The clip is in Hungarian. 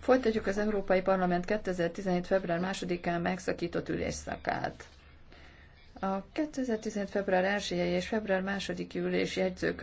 Folytatjuk az Európai Parlament seventeen február 2-án megszakított ülésszakát. A seventeen február 1 és február 28-i ülés jegyzők